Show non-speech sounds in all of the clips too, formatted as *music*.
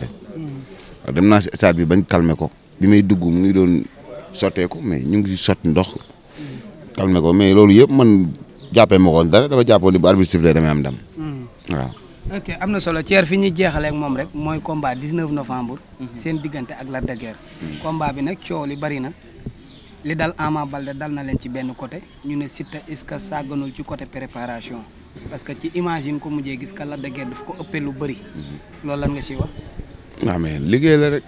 dem naa si stade bi bañ calmer ko bi may dugg mu ngi doon sotteeku mais ñu ngi si sotti ndox calmer ko mais loolu yëpp man jàppee ma ko dara dafa jàppoo ni bu arbitre sifflé damay hmm. waaw. am na solo Thier fi ñuy jeexalee moom rek mooy combat 19 novembre. Hmm. seen diggante ak Lac de Guiers. Hmm. bi nag coow li bari na li dal Ama Baldé dal na leen ci benn côté ñu ne Siteu est-ce que sàgganul ci côté préparation parce que ci imagine ko mujjee gis ka Lac de Guiers ko ëppee lu bari. loolu lan nga siy wax. waaw mais liggéey la rek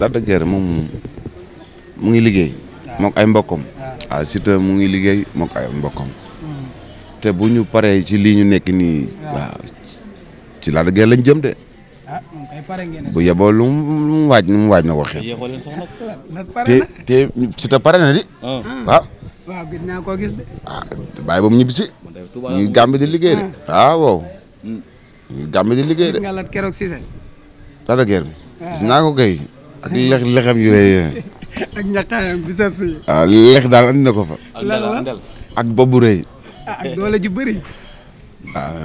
Lac de Guiers moom mu ngi liggéey mook ay mbokkam waaw Siteu mu ngi liggéey mook ay mbokkam hmm. te bu ñu paree ci lii ñu nekk nii waaw ci la de lañ jëm ah, de bu yeboo lu waaj lu mu waaj na waxee *laughs* te te Siteu pare na di ah. Ah. waaw waaw gis naa koo gis de. ah bàyyi ba mu ñibbi si. ñu gàmbi liggéey de. waaw hmm. Lac de Guiers bi. Ah. gis naa ko kay. ak lex lexam yu rëy *laughs* ak ñaxtaayam bi saf si. waaw ah, daal andi ko fa. ak bopp bu rëy. Ah, ak doole ju bëri.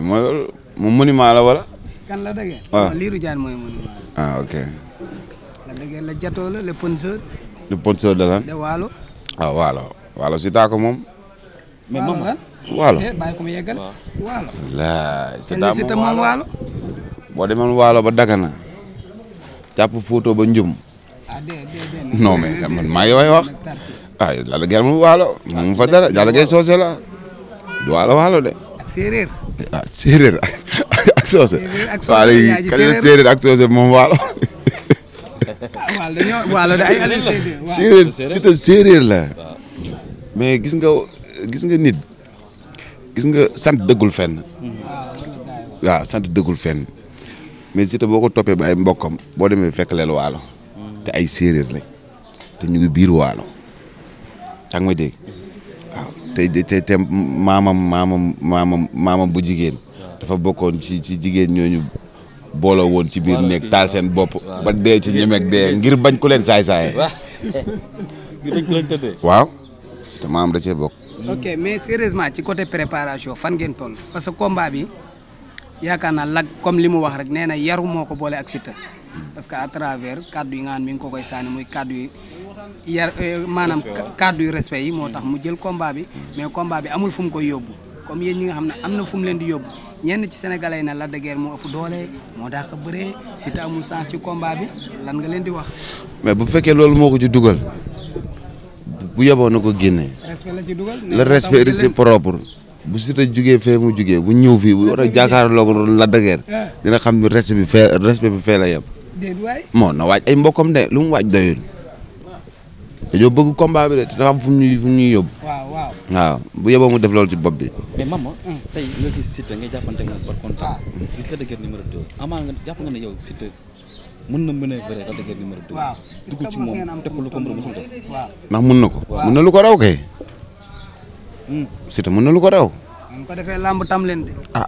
moom monument la wala. kan la dëgg. mooy monument la. ah waalo. si taa ko moom. waalo eh si taa moom waalo boo demoon waalo ba Dagana. jàpp Fouta ba Njum. Ah, non mais maa ngi way wax ah Lalla Gueye moom waalo moom fa dara Lalla Gueye waalo waalo de. ak ah, ak soose. ak soose waalo. Ah, waalo de ay alal séeréer gis nga gis nga nit gis nga sant dëggul fenn. waaw sant dëggul fenn. mais Siteu boo ko toppee ba ay mbokkam boo demee fekk leen waalo te ay séeréer lañ te ñu ngi biir waalo tàng ma dégg waaw te maamam maamam maamam maamam bu jigéen dafa bokkoon ci ci jigéen ñooñu booloo woon ci biir néeg taal seen bopp ba dee ci ñemeeg dee ngir bañ ku leen saay-saaye *laughs* ngir bañ ku waaw Siteu maam da cee bokk ok mais sérieusement ci côté préparation fan ngeen toll parce que combat bi yaakaar naa lag comme li mu wax rek nee na yaru ko boole ak Siteu parce que à travers kàddu yi nga xam mi ngi ko koy sànni muy kàddu yi yar euh, maanaam kàddu yu respect yi moo tax mu jël combat bi mais combat bi amul fu mu koy yóbbu comme yéen ñi nga xam ne am na fu mu leen di yóbbu ñenn ci sénégalais yi ne la de Guiers ëpp doole moo dàq bëree sita amul sens ci combat bi lan nga leen di wax mais bu fekkee loolu moo ko ci dugal bu yoboo na ko génne la ci dugal le respect c'est propre bu Siteu jugee fee mu jugee bu ñëw fi bu war a jàkkaarloo la dëgër ah. dina xam ni bi fee respect bi fee la yem. moo na waaj ay mbokkam de lu mu waaj doyul. dañoo bëgg combat bi de te dafa am fu mu ñuy fu mu ñuy bu yóbboo mu def loolu ci bopp bi. mais maman. Ah. tey nga gis Siteu nga jàppante nga par ah. na mën a vrai la ko lu a mën na ko. lu ko raw Siteu mën na lu ko raw. bu ko defee làmb tam leen de. ah.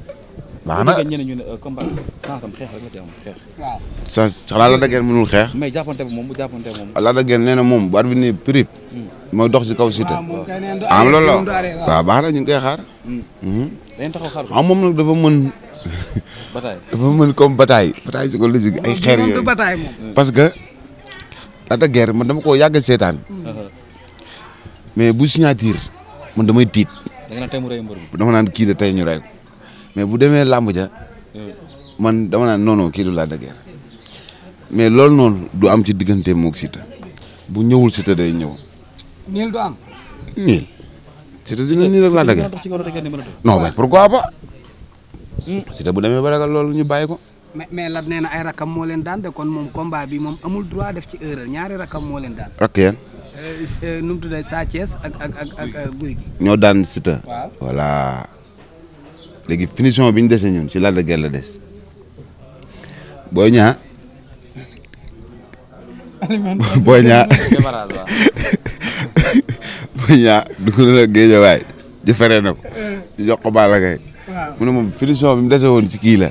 baax na ñu ne euh, combat sans am xeex rek la ta am xeex. waaw. sans xanaa la mënul xeex. mais jàppante moom bu jàppante bi moom. la daggeen nee na moom bu arbitre bi prip. Hmm. mooy dox si kaw Siteu. am ah, loolu la waaw baax na ñu ngi koy xaar. Hmm. Hmm. dañu taxaw xaar ko. Ah, moom nag dafa mën. bataille *laughs* dafa mën comme bataille. bataille psychologique ay xeer yooyu parce que. la daggeen man dama koo yàgg seetaan. mais bu signature. man damay tiit. da nga naan tey mu naan kii tey ñu rey ko mais bu demee làmb ja man dama naan non non kii du Lac de mais loolu noonu du am ci diggante moog Siteu bu ñëwul Siteu day ñëw. niil du am. niil. Siteu dina niil ak Lac de Guiers. non mais hmm. bu demee ba ragal loolu ñu bàyyi ko. mais mais Lat nee ay rakam moo leen daan de kon moom combat bi moom amul droit def ci erreur ñaari rakam moo leen daan. rakk yeen Euh, euh, nu mu ak ak ak ñoo daan Siteu. waaw voilà léegi finition bi ñu dese ñun ci Lac de Guiers des boo Niang. Boy ñaa *laughs* Boy Niang dugg na Guédiawaye jëfere na ko. Euh. jox ko Balla Gaye. waaw moom finition bi mu dese woon ci kii la.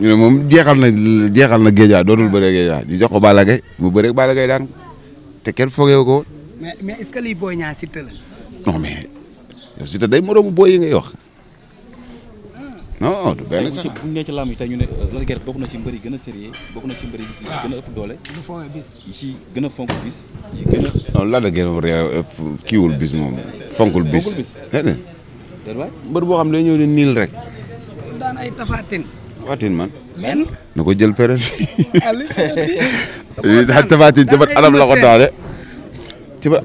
ñu moom jeexal na jeexal na géejawaay dootul ah. bëree géejawaay ñu jox ko Balla Gaye mu bëree Balla Gaye daan te kenn fogeewu ko woon. mais mais est-ce que liy Boy Niang Siteu la. non mais yow Siteu day moroomu booy yi ngay wax ah. non du benn ci làmb yi tey ñu ne euh, Lac de na ci mbër gën a bokk na ci mbër yi gën doole. gën a fonk bis euh, kiiwul bis moom fonkul bis. fonkul bis déedéet. mbër boo xam ne day ñëw ne niil rek. Tafatine man. men na ko jël pérén. lii *laughs* *laughs* daal Tafatine ci ban anam la ko daane. ci ban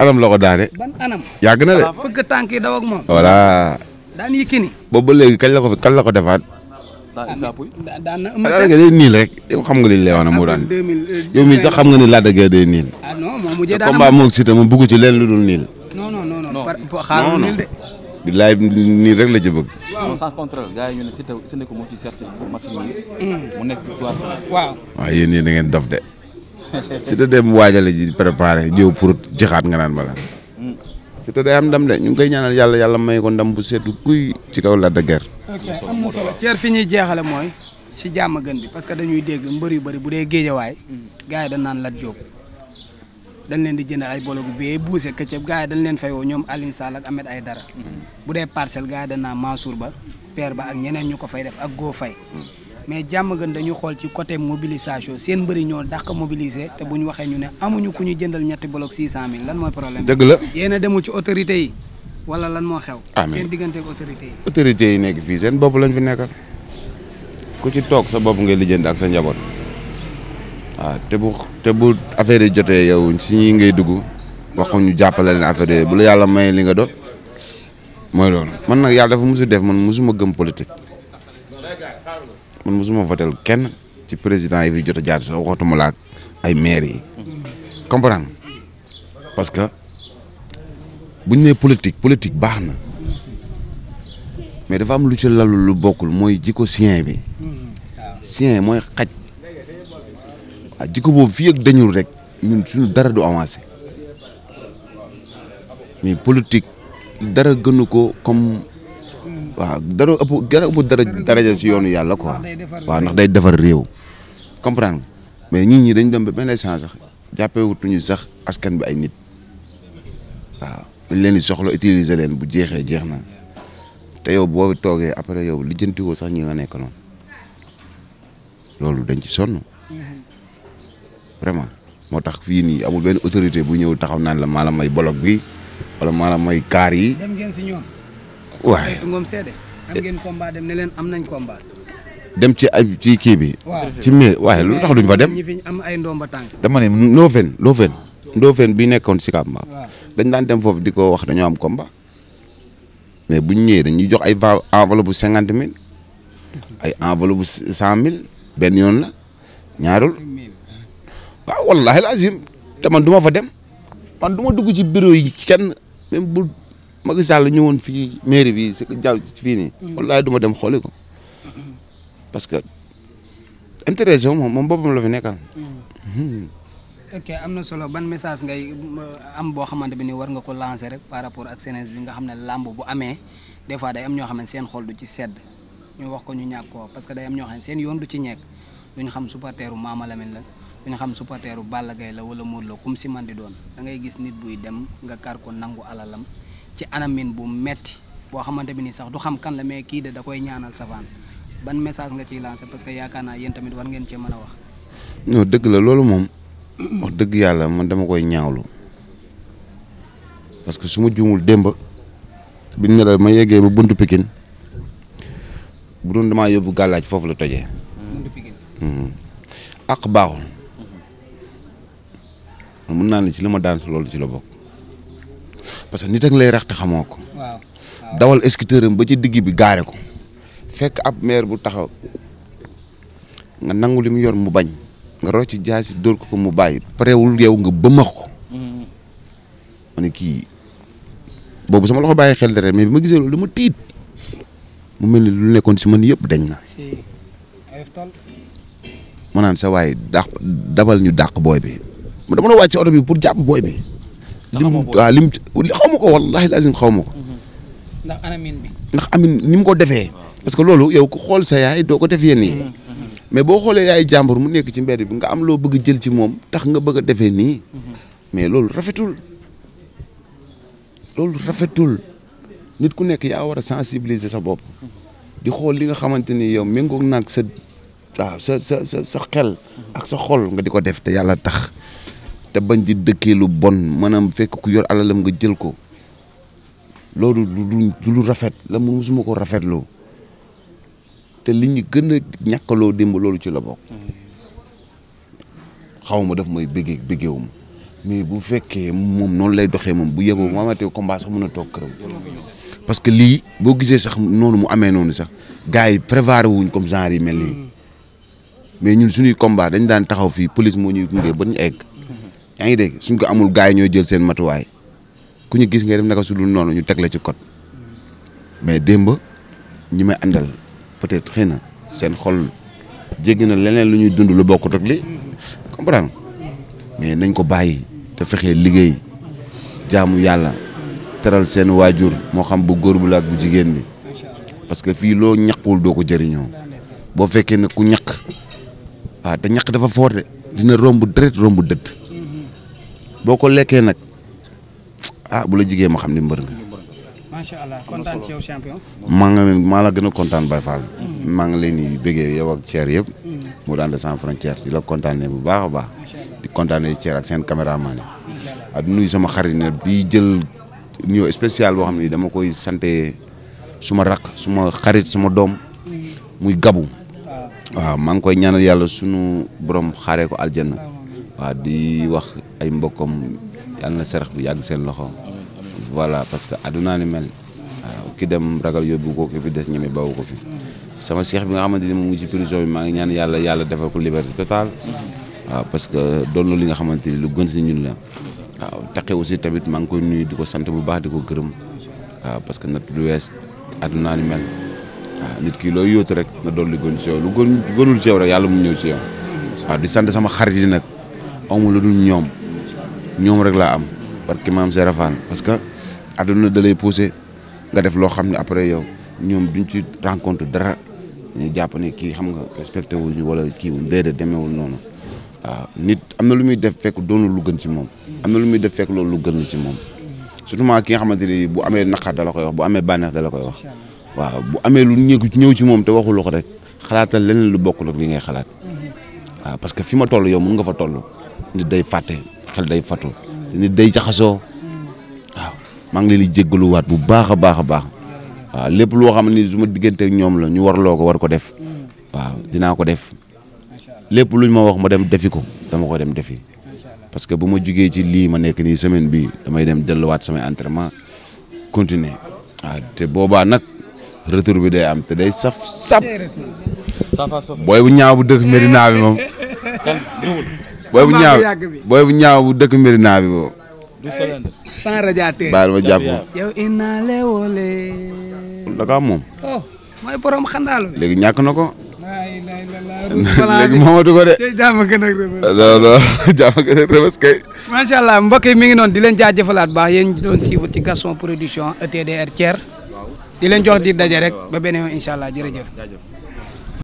anam yàgg na de. fëgg tànk yi daw ak ba la ko la ko defaat. daan na ëmb seen niil rek yow xam nga li ñu lay wax ne moo daan yow mii sax xam nga ni Lac de Guiers day niil. ah non moom mujjee daan mu bugg ci leen lu dul niil. bilaay nii rek la ci bëgg. waaw sans contrôle gars yi si ne ko moo mm. mu nekk victoire. waaw. waaw yéen ñii da ngeen dof de. *laughs* si te dem waajale ji préparé ñëw pour jixaat nga naan ma la. Mm. am ndam de ñu ngi koy ñaanal yàlla yàlla may ko ndam bu seddu kuy ci kaw la de guerre. fi ñuy jeexale mooy si jàmm gën bi parce que dañuy dégg mbër yu bari bu dee géejawaay mm. gars yi dañ naan Lat Diop. dañu leen di jënd ay bologu bee buuse këccëb gars yi dañ leen fayoo ñoom Aline Sall ak ay dara bu dee parcelle gars yi dañ naa Mansour Ba peer ba ak ñeneen ñu ko fay def ak goo fay mais jàmm gën dañu xool ci côté mobilisation seen mbëri ñoo dàq mobiliser te bu ñu waxee ñu ne amuñu ku ñu jëndal ñetti bolog 600000 lan mooy problème dëgg la yéen a demul ci autorité yi wala lan moo xew seen diggante ak autorité yi yi nekk fii seen fi nekkal ku ci toog sa bopp ngay lijjanti ak sa njaboot waaw ah, te bu te bu affaire yi jotee yow si ñi ngay dugg wax ko ñu jàppale leen affaire yooyu bu la yàlla may li nga doon mooy loolu. man nag yàlla dafa musu def man musuma gëm politique man musuma votel kenn ci président yi fi jot jaar sax waxatuma la ak ay maire yi comprendre parce que bu ñu nee politique politique baax na mais dafa am lu ci lalu lu bokkul mooy jikko sien bi sien mooy xaj. waaw jikko boobu fii ak rek ñun sunu dara du avancé mais politik dara gënu ko comme waaw dara ëpp dara ëpp daraja si yoonu yàlla quoi waa ndax day defar réew comprendre mais ñii ñi dañ dem ba benn instant sax jàppewutuñu sax askan bi ay nit waaw dañ leen di soxla utiliser leen bu jeexee jeex na te yow boo toogee après yow lijjantiwoo sax ñi nga nekk noonu loolu dañ ci sonn vraiment moo tax fii nii amul benn autorité bu ñëw taxaw naan la maa may bolo bi wala maa may kaar yi. dem ngeen si ñoom. waaye ngoom seede dem ne leen am nañ combat. dem ci ay ci kii bi. ci waaye lu tax duñ fa dem. ñi fi am ay ndomba tànk. dama ne Ndofène Ndofène. Ndofène bi dañ daan dem foofu di ko wax dañoo am combat. mais bu ñëwee dañuy jox ay va bu cinquante mille ay enveloppe bu cent mille benn yoon la ñaarul waaw ah, wallahi alazim te man duma fa dem man du dugg ci bureau yi kenn même bu Macky Sall ñëwoon fii mairie bi si jaww fii nii. Mm-hmm. wallahi du ma dem xooli ko mm-hmm. parce que intéressé moom moom boppam la fi nekka mm-hmm. ok am na solo ban message ngay uh, am boo xamante bi ni war nga ko lancer rek par rapport ak CNS bi nga xam ne làmb bu amee des fois day am ñoo xam ne seen xol du ci sedd ñu wax ko ñu ñàkk ko parce que day am ñoo xam ne seen yoon du ci ñekk duñ xam supporteru Mama Lamine la. dina xam supporteeru Balla Gaye la wala Modou Lo comme si man di doon dangay gis nit buy dem nga kar ko nangu alalam ci anamin bu metti boo xamante bi ni sax du xam kan la mais kii de da koy ñaanal savaan ban message nga ciy lancé parce que yaakaar naa yéen tamit war ngeen cee a wax. non dëgg la loolu moom wax dëgg yàlla man dama koy ñaawlu parce que su ma juumul démb bi ne ma yeggee ba buntu Pikine bu doon damaa yóbbu gàllaaj foofu la tojee. buntu Pikine. àq mm-hmm. baaxul. mun naa ne ci li ma daan si loolu ci la bokk parce que nit ak lay rax te xamoo ko. dawal scooter am ba ci digg bi gaare ko fekk ab maire bu taxaw nga nangu li mu yor mu bañ nga rocc jaasi dóor ko ko mu bàyyi. pareewul yew nga bëmmax ko. ma ne kii boobu sama loxo bàyyi xel dara mais bi ma gisee loolu dama tiit mu mel ni lu nekkoon si man yëpp dañ na. ma naan sa waay dàq dabal ñu dàq booy bi. dama la wàcc ci oto bi pour jàpp booy bi. lim waaw lim xaw ma ko wallaahi lazim xaw ma ko. ndax anamin ndax amin ni mu ko defee. parce que loolu yow ko xool sa yaay doo ko def yenn yi. Mm-hmm, mm-hmm. mais boo xoolee yaay jàmbur mu nekk ci mbedd bi nga am loo bëgg jël ci moom tax nga bëgg defee nii. Mm-hmm. mais loolu rafetul. loolu rafetul nit ku nekk yaa war a sensibiliser sa bopp. di xool li nga xamante ni yow méngoog naag sa sa sa sa xel. ak sa xol nga di ko def te yàlla tax. te bañ di dëkkee lu bon maanaam fekk ku yor alalam nga jël ko loolu du lu rafet la mu musuma ko rafetloo te li ñu gën a ñàkkaloo démb loolu ci la bokk xaw ma daf may bëggee bëggeewum mais bu fekkee moom noonu lay doxee moom bu yeboo mu amatee combat sax mën a toog këram parce que lii boo gisee sax noonu mu amee noonu sax gars yi prévoir wuñ comme genre yi mel nii mais ñun suñuy combat dañ daan taxaw fii police moo ñuy gunge ba ñu egg yaa ngi dégg suñ ko amul gars yi ñoo jël seen matuwaay ku ñu gis ngay def naka su dul noonu ñu teg la ci code mais démb ñi may àndal peut-être xëy na seen xol jéggi na leneen lu ñuy dund lu bokkut ak li comprendre mais nañ ko bàyyi te fexee liggéey jaamu yàlla teral seen waajur moo xam bu góor bu la ak bu jigéen bi parce que fii loo ñaqul doo ko jëriñoo boo fekkee ne ku ñaq waaw ah, te ñaq dafa fort dina romb deret romb dëtt boo ko lekkee nag ah bula la jigéen ma xam ni mbër macha allah kontaan maa nga maa la gën a kontaan Baye Fall. maa ngi leen di bëggee yow ak Thier yëpp. Mm. mu daan de sans frontière di la kontaanee bu baax a baax. di kontaanee Thier ak seen caméraman yi. ak nuyu sama xarit ne di jël ñëw spécial boo xam ne dama koy santé suma rakk suma xarit suma doom. Mm. muy gabu. waaw maa ngi koy ñaanal yàlla sunu borom xaaree ko aljanna. waaw di wax ay mbokkam yàlla na sarax bu yàgg seen loxo voilà parce que àdduna ni mel waaw ki dem ragal yóbbu ko ki fi des ñeme bawu ko fi sama seex bi nga xamante ni moom bi maa ngi ñaan yàlla yàlla defal ko liberté parce que doon li nga xamante ni lu gën si ñun la waaw taqe aussi tamit maa ngi koy nuyu di ko sant bu baax di ko gërëm waaw parce que natt du wees ni mel waaw nit ki looy yoot rek na doon lu gën si lu gënul si rek yàlla mu ñëw si waaw di sant sama xarit yi nag awma lu dul ñoom ñoom rek laa am parce que maam Serafaan parce que àdduna da lay poussé nga def loo xam ne après yow ñoom duñ ci rencontre dara ñu jàpp ne kii xam nga respecté wuñu wala kii wuñ déedéet demeewul noonu waaw nit am na lu muy def fekk doonul lu gën ci moom am na lu muy def fekk loolu lu gën ci moom surtout ki nga xamante ni bu amee naqar dala koy wax bu amee bànneex dala koy wax waaw bu amee lu ñëw ci moom te waxuloo ko rek xalaatal leneen lu bokkul li ngay xalaat waaw que fi ma toll yow mun nga fa toll nit day fàtte xel day fàttu te nit day jaxasoo waaw maa ngi leen di jéggaluwaat bu baax a baax a baax waaw lépp loo xam ne su ma diggante ak ñoom la ñu warloo ko war ko def waaw dinaa ko def lépp luñ ma wax ma dem defi ko dama ko dem defi parce que bu ma jugee ci lii ma nekk nii semaine bi damay dem delluwaat samay entraînement continuer waaw te boobaa nag retour bi day am te day saf saf booy bu ñaaw bu dëkk Medina bi moom booy bu ñaaw booy bu ñaaw bu dëkk Mbirina bi boobu. du soxla baal ma jàpp yow inna le wole. da kaa moom. oh mooy borom léegi ñàkk na ko. *laughs* léegi moomatu ko de. jaama gën ak rëbës. Ah, non *laughs* kay. macha allah mbokk yi mi ngi noonu di leen jaajëfalaat baax yéen ñu doon suivre ci Gaston Production ETDR Thier. di leen jox di daje rek ba beneen yoon incha allah jërëjëf.